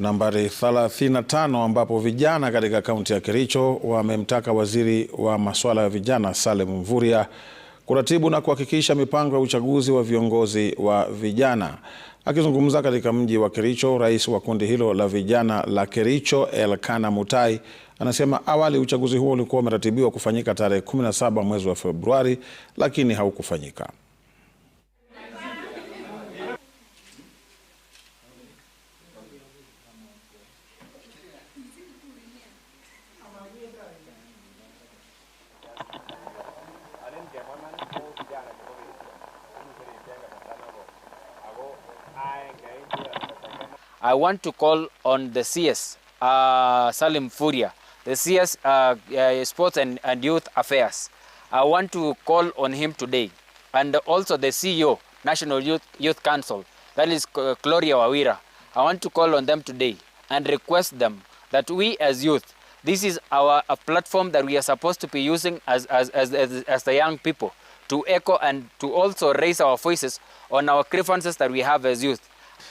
nambari 35 ambapo vijana katika kaunti ya Kericho wamemtaka waziri wa masuala ya vijana Salim Mvurya kuratibu na kuhakikisha mipango ya uchaguzi wa viongozi wa vijana. Akizungumza katika mji wa Kericho, rais wa kundi hilo la vijana la Kericho Elkana Mutai anasema awali uchaguzi huo ulikuwa umeratibiwa kufanyika tarehe 17 mwezi wa Februari, lakini haukufanyika. I want to call on the CS uh, Salim Furia, the CS uh, uh, Sports and, and Youth Affairs. I want to call on him today and also the CEO, National Youth, Youth Council, that is uh, Gloria Wawira. I want to call on them today and request them that we as youth, this is our a platform that we are supposed to be using as, as, as, as, as the young people to echo and to also raise our voices on our grievances that we have as youth.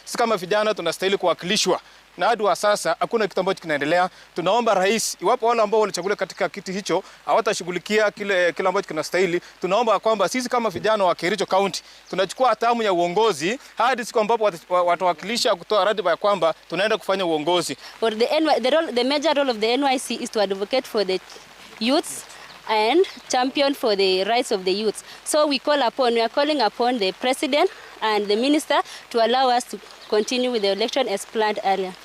Sisi kama vijana tunastahili kuwakilishwa na hadi wa sasa hakuna kitu ambacho kinaendelea. Tunaomba rais, iwapo wale ambao walichaguliwa katika kiti hicho hawatashughulikia kile kile ambacho kinastahili, tunaomba kwamba sisi kama vijana wa Kericho County tunachukua hatamu ya uongozi hadi siku ambapo watawakilisha kutoa ratiba ya kwamba tunaenda kufanya uongozi. For the, NY, the, role, the major role of the NYC is to advocate for the youths and champion for the rights of the youths. So we call upon, we are calling upon the president and the minister to allow us to continue with the election as planned earlier.